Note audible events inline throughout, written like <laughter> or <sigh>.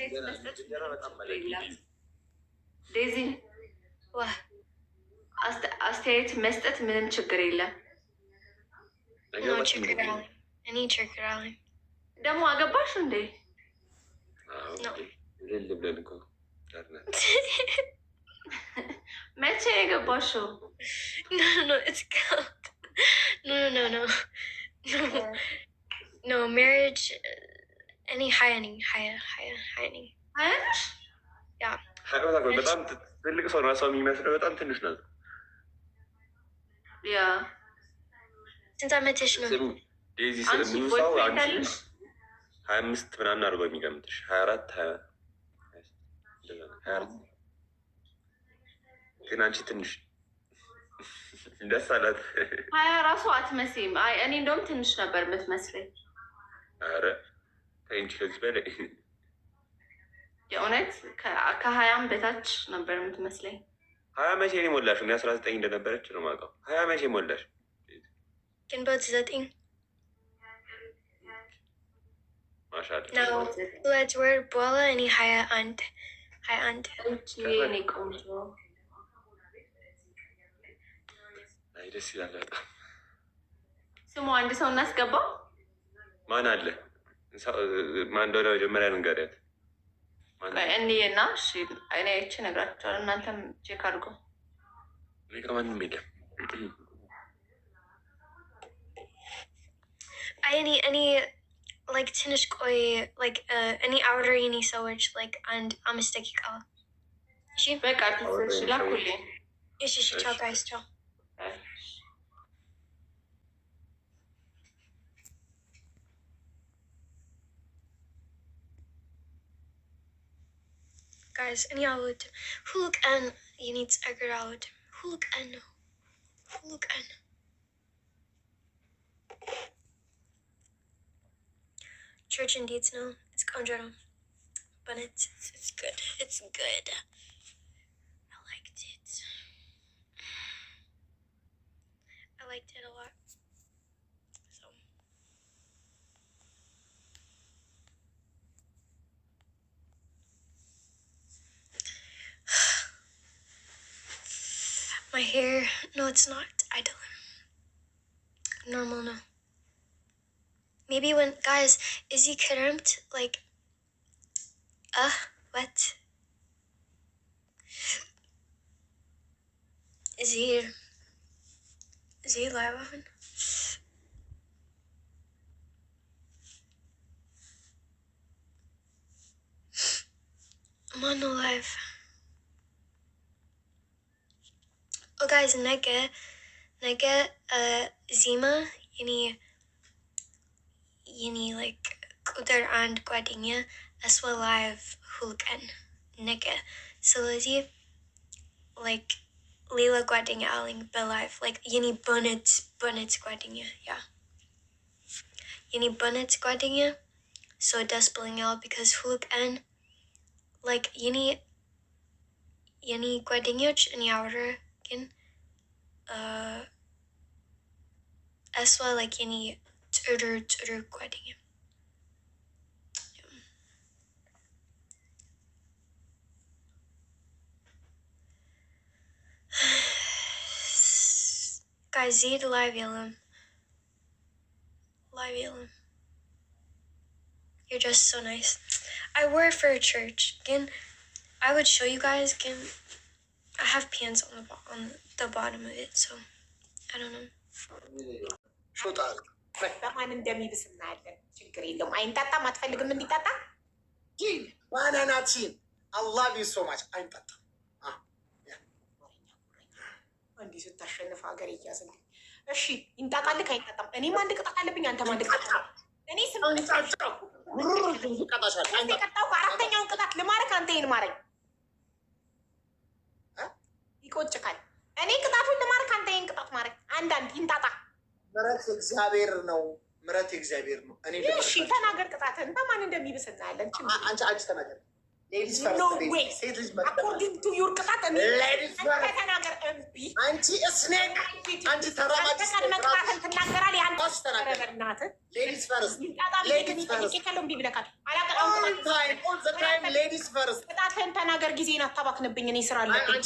አስተያየት መስጠት ዴዚ አስተያየት መስጠት ምንም ችግር የለም። እኔ ችግር አለኝ። ደግሞ አገባሽ እንዴ? መቼ የገባሽው? ኖ ኖ ኖ ኖ ኖ ሜሪጅ እኔ ሀያ ነኝ። ሀያ ሀያ ሀያ ነኝ። ሀያ ነሽ? በጣም ትልቅ ሰው ነው። ሰው የሚመስለው በጣም ትንሽ ነው። ያ ስንት ዓመትሽ ነው? ዴዚ ስለሚሉ ሰው አንቺ ሀያ አምስት ምናምን አድርጎ የሚገምትሽ ሀያ አራት ግን አንቺ ትንሽ <laughs> ደስ አላት። ሀያ ራሱ አትመስይም። እኔ እንደውም ትንሽ ነበር የምትመስለኝ። እንጂ ከዚህ በላይ የእውነት ከሀያም በታች ነበር የምትመስለኝ። ሀያ መቼ ነው ሞላሽ? እኔ አስራ ዘጠኝ እንደነበረች ነው የማውቀው። ሀያ መቼ ሞላሽ? ግንቦት ዘጠኝ ሁለት ወር በኋላ እኔ ሀያ አንድ ሀያ አንድ ቆንጆ ደስ ይላል በጣም ስሙ አንድ ሰው እናስገባው ማን አለ ማን እንደሆነ መጀመሪያ ንገሪያት። እኔና እኔ አይቼ እነግራቸዋለሁ። እናንተም ቼክ አድርጎ እኔ ከማንም የለም። እኔ እኔ ላይክ ትንሽ ቆይ ላይክ uh, እኔ አውሪ እኔ ሰዎች ላይክ አንድ አምስት ደቂቃ እሺ፣ በቃ ላኩልኝ። እሺ፣ እሺ፣ ቻው ጋይስ፣ ቻው guys eniyavutim huluk look and agaravutim huluk a girl en look and church, indeed, no it's conjurum but it's it's good it's good i liked it i liked it a lot My hair, no, it's not. I don't. Normal, no. Maybe when, guys, is he cramped? Like, uh, what? Is he, is he alive? I'm on the live. Oh, guys, nega, nega, uh, zima, yini, yini, like, kuder and guadinha, as well as hulken, nega. So, lizzy, like, lila guadinha aling belive, like, yini bunnet, bunnet guadinha, yeah. Yini bunnet guadinha, so des all because hulken, like, yini, yini guadinha, and yini aura, taken uh, as well like any tørr tørr <sighs> live Kazir live Lavilum. You're just so nice. I work for a church. Again, I would show you guys again I have pants on the on the bottom of it, so I don't know. በማን እንደሚብስ እናያለን። ችግር የለውም። አይንጣጣም። አትፈልግም እንዲጣጣ ግን አላህ ቢሶ ማች አይንጣጣም። እንዲህ ስታሸንፍ ሀገር እያዝልኝ። እሺ ይንጣጣልክ አይንጣጣም። እኔም አንድ ቅጣት አለብኝ፣ አንተም አንድ ቅጣት እኔ ስቀጣሁ አራተኛውን ቅጣት ልማረክ አንተ ይህን ማረኝ ይቆጭካል። እኔ ቅጣቱን ልማርክ፣ አንተ ይህን ቅጣት ማድረግ አንዳንድ ይንጣጣ። ምረት እግዚአብሔር ነው፣ ምረት እግዚአብሔር ነው። እሺ ተናገር፣ ቅጣት እንታ ማን እንደሚብስ እናያለን። ተናገር አኮርዲንግ ቱ አንቺ አንቺ ተራማጅ ተቀድመ ቅጣትን ተናገር፣ ጊዜን አታባክንብኝ። እኔ ስራ አለብኝ።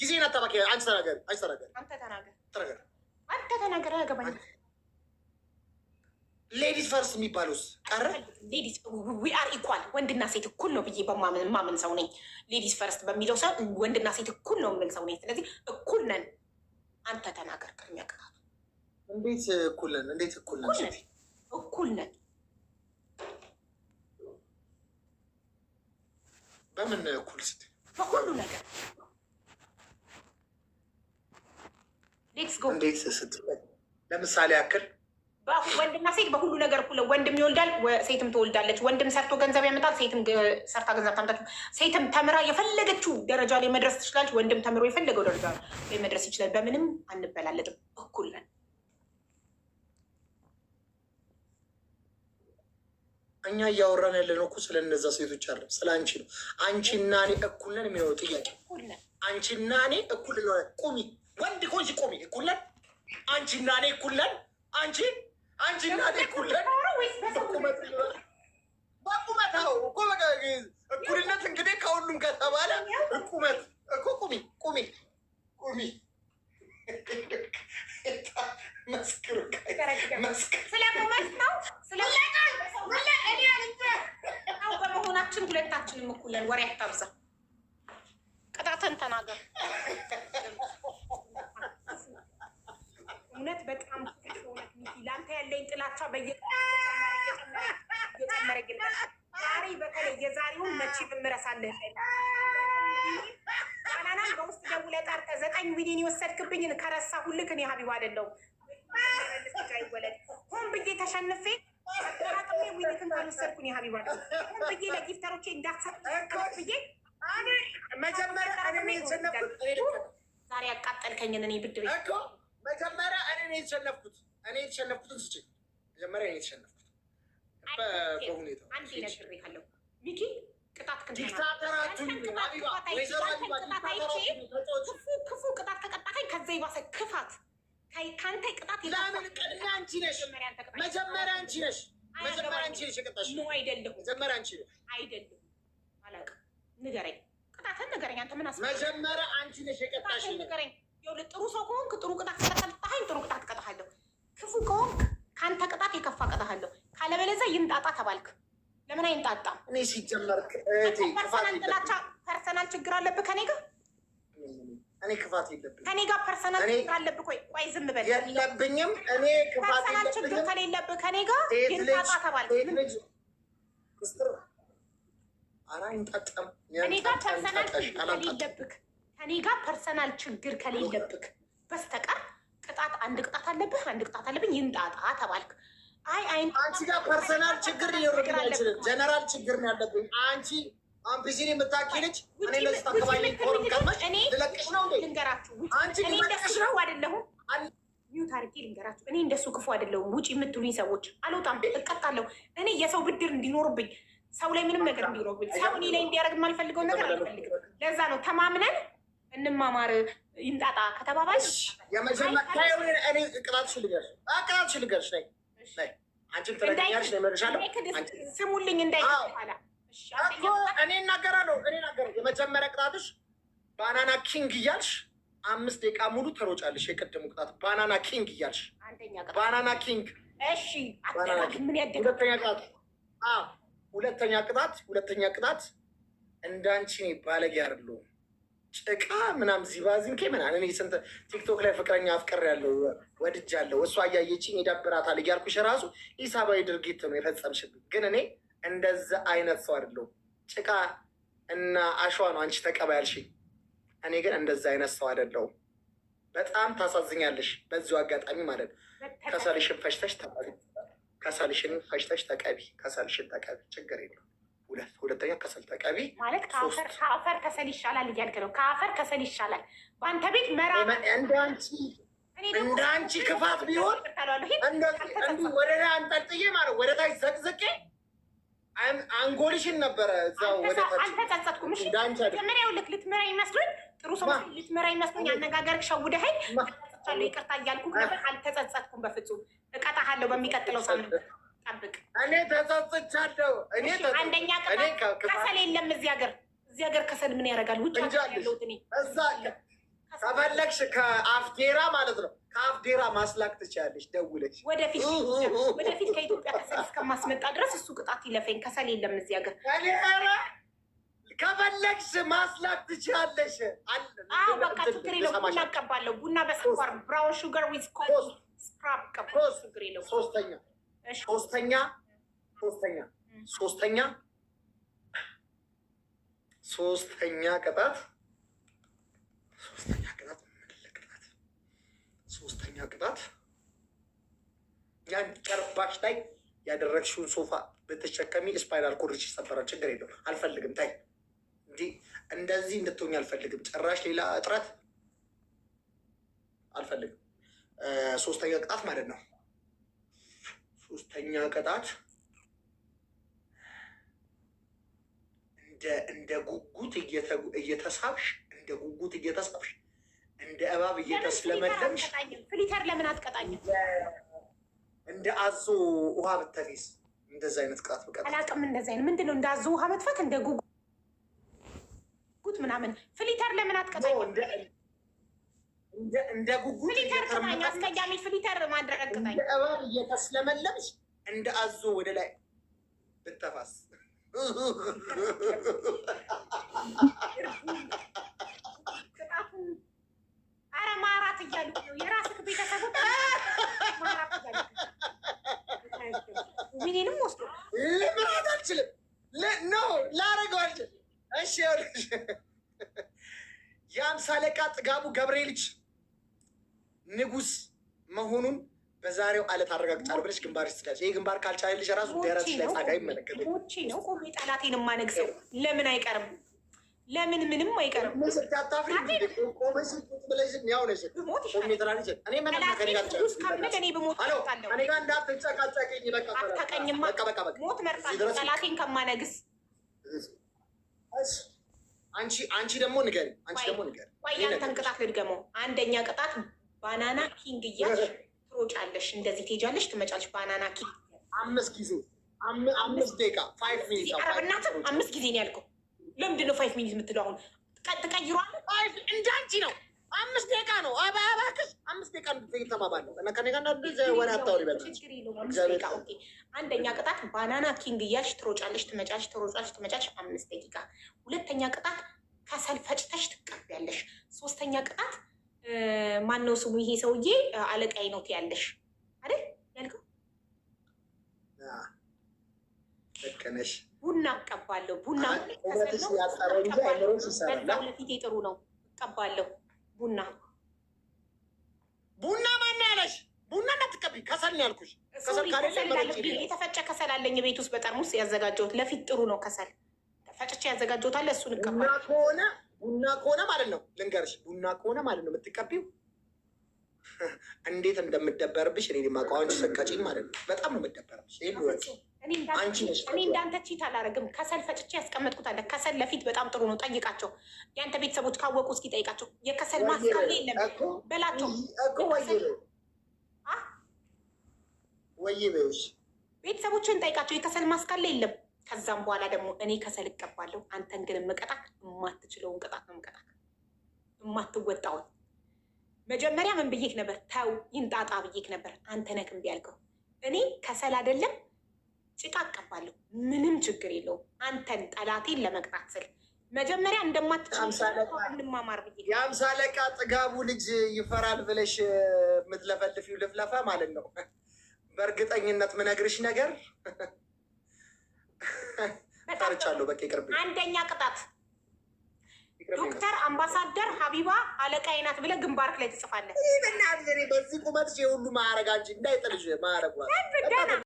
ጊዜን አታባክ። አንቺ ተናገሪ፣ አንቺ ተናገሪ፣ አንተ ተናገር፣ ተናገር፣ አንተ ተናገር። አያገባኝም። ሌዲስ ፈርስት የሚባለውስ ቀረ? ሌዲስ ዊ አር ኢኳል፣ ወንድና ሴት እኩል ነው ብዬ በማምን ሰው ነኝ። ሌዲስ ፈርስት በሚለው ሰው ወንድና ሴት እኩል ነው የምል ሰው ነኝ። ስለዚህ እኩል ነን። አንተ ተናገር ቅድሚያ። ቅጣቱ እንዴት እኩል ነን? እንዴት እኩል ነን? እኩል ነን በምን እኩል ስትል በሁሉ ነገር እንዴት ስት ለምሳሌ ያክል ወንድና ሴት በሁሉ ነገር እኩል ወንድም ይወልዳል፣ ሴትም ትወልዳለች። ወንድም ሰርቶ ገንዘብ ያመጣል፣ ሴትም ሰርታ ገንዘብ ታመጣች። ሴትም ተምራ የፈለገችው ደረጃ ላይ መድረስ ትችላለች። ወንድም ተምሮ የፈለገው ደረጃ ላይ መድረስ ይችላል። በምንም አንበላለጥም፣ እኩል ነን። እኛ እያወራን ያለነው እኮ ስለ እነዛ ሴቶች አለ ስለ አንቺ ነው። አንቺና እኔ እኩል ነን የሚለው ጥያቄ አንቺና እኔ እኩል ቁሚ ወንድ ኮንሽ ቆሚ እኩለን አንቺ እና እኔ እኩለን አንቺ አንቺ እና እኔ እኩለን በቁመት እኮ እኩልነት እንግዲህ ከሁሉም ከተባለ እቁመት እኮ ቁሚ ቁሚ ቁሚ መስክሩ ስለቁመት ነው ስለሁላችን ሁለታችንም እኩለን ወሬ አታብዛ የዛሬውን መቼ ብምረሳለህ ባናናን በውስጥ ደውለ ጠርተ ዘጠኝ ሚሊዮን የወሰድክብኝን ከረሳ ሁልክ እኔ ሀቢብ አይደለሁም ይወለድ ሆን ብዬ ተሸንፌ ተጠራቅሜ ዊልክን ካልወሰድኩኝ ሀቢብ አይደለሁም ሆን ብዬ ለጊፍተሮቼ እንዳትሰጥ ብዬ ዛሬ ያቃጠልከኝን እኔ ብድር መጀመሪያ እኔ ነው የተሸነፍኩት እኔ የተሸነፍኩትን ስችል መጀመሪያ እኔ የተሸነፍኩት በሁኔታ አንድ ነግሬ ካለሁ ሚኪ ቅጣት ክፉ ክፉ ቅጣት ከቀጣኸኝ ከዛ የባሰ ክፋት ከአንተ ቅጣት መጀመሪያ አንቺ ነሽ። መጀመሪያ አንቺ ነሽ የቀጣሽ። መጀመሪያ አንቺ አላውቅም። ንገረኝ፣ ቅጣትን ንገረኝ። አንተ ምን አስበህ? መጀመሪያ አንቺ ነሽ የቀጣሽ። ንገረኝ። ይኸውልህ ጥሩ ሰው ከሆንክ ጥሩ ቅጣት ጥሩ ቅጣት እቀጣሃለሁ። ክፉ ከሆንክ ከአንተ ቅጣት የከፋ እቀጣሃለሁ። ካለበለዚያ ይምጣጣ ተባልክ። ለምን አይንጣጣም? እኔ ሲጀመር ፐርሰናል ችግር አለብህ ከኔ ጋር እኔ ክፋት የለብኝም ከኔ ጋር ፐርሰናል ችግር አለብህ። ቆይ ቆይ ዝም በል የለብኝም። እኔ ክፋት ፐርሰናል ችግር ከሌለብህ ከኔ ጋር ይንጣጣ ተባልክ። ኧረ አይንጣጣም። እኔ ጋር ፐርሰናል ችግር ከሌለብህ ከኔ ጋር ፐርሰናል ችግር ከሌለብህ በስተቀር ቅጣት አንድ ቅጣት አለብህ አንድ ቅጣት አለብኝ። ይንጣጣ ተባልክ። አንቺ ጋር ፐርሰናል ችግር ሊኖርብኝ አይችልም። ጀነራል ችግር ነው ያለብኝ። አንቺ አምፒሲን የምታኪልች እኔ ለዚህ ታካባይ ፎርም ቀመሽ ልለቅሽ ነው እንዴ? አንቺ ልለቅሽ ነው አይደለሁም። ሚዩት አድርጌ ልንገራችሁ፣ እኔ እንደሱ ክፉ አይደለሁም። ውጭ የምትሉኝ ሰዎች አልወጣም፣ እቀጣለሁ። እኔ የሰው ብድር እንዲኖርብኝ፣ ሰው ላይ ምንም ነገር እንዲኖርብኝ፣ ሰው እኔ ላይ እንዲያደርግ የማልፈልገውን ነገር አልፈልግም። ለዛ ነው ተማምነን እንማማር ይንጣጣ ከተባባል የመጀመሪያ ቅጣትሽ ልገርሽ፣ ቅጣትሽ ልገርሽ ላይ አንቺን ትረግኛለሽ። እመልሻለሁ። ስሙልኝ እንዳይ እኔ እናገራለሁ። እኔ እናገራለሁ። የመጀመሪያ ቅጣትሽ ባናና ኪንግ እያልሽ አምስት ደቂቃ ሙሉ ተሮጫለሽ። የቀደሙ ቅጣት ባናና ኪንግ እያልሽ ባናና ኪንግ። እሺ፣ ሁለተኛ ቅጣት ሁለተኛ ቅጣት ሁለተኛ ቅጣት እንዳንቺ ባለጌ አይደለሁም ጭቃ ምናምን ዚባዚንኬ ምናምን ስንት ቲክቶክ ላይ ፍቅረኛ አፍቀር ያለው ወድጃለሁ እሷ እያየችኝ ይደብራታል እያልኩሽ ራሱ ኢሳባዊ ድርጊት ነው የፈጸምሽብኝ። ግን እኔ እንደዛ አይነት ሰው አይደለሁም። ጭቃ እና አሸዋ ነው አንቺ ተቀባያልሽኝ። እኔ ግን እንደዛ አይነት ሰው አይደለሁም። በጣም ታሳዝኛለሽ። በዚሁ አጋጣሚ ማለት ከሰልሽን ፈሽተሽ ተቀቢ፣ ከሰልሽን ፈሽተሽ ተቀቢ፣ ከሰልሽን ተቀቢ። ችግር የለውም። ሁለተኛ ከሰል ተቀቢ ማለት ከአፈር ከሰል ይሻላል እያልክ ነው። ከአፈር ከሰል ይሻላል። በአንተ ቤት መራ እንደ አንቺ ክፋት ቢሆን እንዲህ ወደ ላይ አንጠልጥዬ ማለት ወደ ታች ዘቅዝቄ አንጎልሽን ነበረ እዛው ወደ አልተጸጸትኩም። እሺ መጀመሪያው ልክ ልትምራ ይመስሉኝ ጥሩ ሰው ልትምራ ይመስሉኝ አነጋገርክ ሸውደኸኝ ይቅርታ እያልኩ ነበር። አልተጸጸትኩም በፍጹም። እቀጣሃለሁ በሚቀጥለው ሳምንት እኔ ተጸጽቻለሁ። እኔ አንደኛ ቅጣት ከሰል የለም እዚህ ሀገር እዚህ ሀገር ከሰል ምን ያደርጋል? ውጭ ያለሁት እኔ እዛ አለ። ከፈለግሽ ከአፍዴራ ማለት ነው ከአፍዴራ ማስላክ ትችያለሽ ደውለሽ። ወደፊት ወደፊት ከኢትዮጵያ ከሰል እስከማስመጣ ድረስ እሱ ቅጣት ይለፈኝ። ከሰል የለም እዚህ ሀገር። ከፈለግሽ ማስላክ ትችያለሽ። አዎ በቃ ችግር የለው። ቡና እቀባለሁ። ቡና በስኳር ብራውን ሹገር ዊዝ ኮ ስክራብ ቀባ ችግር የለው። ሶስተኛ ሶስተኛ ሶስተኛ ሶስተኛ ሶስተኛ ቅጣት ሶስተኛ ቅጣት ምን ልቅጣት? ሶስተኛ ቅጣት ያን ጨርባሽ ላይ ያደረግሽውን ሶፋ በተሸከሚ ስፓይራል ኮርች ሰበራ። ችግር የለውም አልፈልግም። ታይ እንዲ እንደዚህ እንድትሆኝ አልፈልግም። ጭራሽ ሌላ እጥረት አልፈልግም። ሶስተኛ ቅጣት ማለት ነው። ሶስተኛ ቅጣት እንደ ጉጉት እየተሳብሽ እንደ ጉጉት እየተሳብሽ እንደ እባብ እየተስለመለምሽ ፍሊተር ለምን አትቀጣኝም? እንደ አዞ ውሃ ብትተፊስ እንደዚ አይነት ቅጣት ብቀ አላቅም። እንደዚ አይነት ምንድን ነው? እንደ አዞ ውሃ መጥፋት እንደ ጉጉት ምናምን ፍሊተር ለምን አትቀጣኝ? እንደ ጉጉት ፍሊተር ቅጣኝ፣ አስቀያሚ ፍሊተር ማድረግ ቅጣኝ። እንደ እባብ እየተስለመለምሽ እንደ አዞ ወደ ላይ ብተፋስ ኧረ ማራት እያሉ የራስህ ወስዶ ልምራት አልችልም። ኖ ላረገው አልችልም። እሺ የአምሳ አለቃ ጥጋቡ ገብሬ ንጉስ መሆኑን በዛሬው አለት አረጋግጫለሁ ብለሽ ግንባር ይስጥያለሽ። ይህ ግንባር ካልቻለልሽ ራሱ ደረስሽ ላይ ጻጋ ይመለከታል። ሞቼ ነው ቆሜ ጠላቴን የማነግሰው። ለምን አይቀርም? ለምን ምንም አይቀርም። ሞት መርጣለሁ ጠላቴን ከማነግስ አንቺ አንቺ ደግሞ ንገሪ አንቺ ደግሞ ንገሪ። ቆይ ያንተን ቅጣት ልድገመው። አንደኛ ቅጣት ባናና ኪንግ እያልሽ ትሮጫለሽ፣ እንደዚህ ትሄጃለሽ፣ ትመጫለሽ። ባናና ኪ አምስት ጊዜ አምስት ደቂቃ ፋይቭ ሚኒት አረብናትም አምስት ጊዜ ነው ያልከው። ለምንድን ነው ፋይቭ ሚኒት የምትለው? አሁን ትቀይሯል። እንዳንቺ ነው አምስት ደቂቃ ነው። እባክሽ አምስት ደቂቃ ተባባለው እና ከኔ ጋር ወደ አታወሪ በል። አንደኛ ቅጣት ባናና ኪንግ እያልሽ ትሮጫለሽ፣ ትመጫለሽ፣ ትሮጫለሽ፣ ትመጫለሽ አምስት ደቂቃ። ሁለተኛ ቅጣት ከሰል ፈጭተሽ ትቀቢያለሽ። ሶስተኛ ቅጣት ማነው ስሙ? ይሄ ሰውዬ አለቃይ ነው ትያለሽ አይደል ያልከው? ልክ ነሽ። ቡና እቀባለሁ። ቡና ለፊቴ ጥሩ ነው፣ እቀባለሁ። ቡና ቡና ማነው ያለሽ? ቡና እንዳትቀቢ ከሰል ነው ያልኩሽ። የተፈጨ ከሰል አለኝ ቤት ውስጥ በጠርሙስ ያዘጋጀሁት። ለፊት ጥሩ ነው ከሰል ፈጭቼ ያዘጋጀሁታል። እሱን እቀባለሁ ከሆነ ቡና ከሆነ ማለት ነው ልንገርሽ፣ ቡና ከሆነ ማለት ነው የምትቀቢው እንዴት እንደምደበርብሽ እኔ የማውቀው አንቺ ማለት ነው። በጣም ነው የምደበርብሽ። እኔ እንዳንተ ቺት አላረግም። ከሰል ፈጭቼ ያስቀመጥኩት አለ። ከሰል ለፊት በጣም ጥሩ ነው። ጠይቃቸው፣ የአንተ ቤተሰቦች ካወቁ እስኪ ጠይቃቸው። የከሰል ማስካል የለም በላቸው። ቤተሰቦችን ጠይቃቸው። የከሰል ማስካል የለም ከዛም በኋላ ደግሞ እኔ ከሰል እቀባለሁ። አንተን ግን መቀጣት የማትችለውን ቅጣት ነው የምቀጣት፣ የማትወጣውን መጀመሪያ ምን ብዬክ ነበር? ተው ይንጣጣ ብዬክ ነበር። አንተ ነህ እምቢ እኔ ከሰል አይደለም ጭቃ እቀባለሁ፣ ምንም ችግር የለውም። አንተን ጠላቴን ለመቅጣት ስል መጀመሪያ እንደማትችልማማር የአምሳ አለቃ ጥጋቡ ልጅ ይፈራል ብለሽ የምትለፈልፊው ልፍለፈ ማለት ነው። በእርግጠኝነት ምነግርሽ ነገር ታርቻለሁ። በቃ ይቅርብ። አንደኛ ቅጣት ዶክተር አምባሳደር ሀቢባ አለቃዬ ናት ብለህ ግንባርክ ላይ ትጽፋለህ። በዚህ ቁመት ሁሉ ማዕረግ አንቺ እንዳይጥልሽ ማዕረግ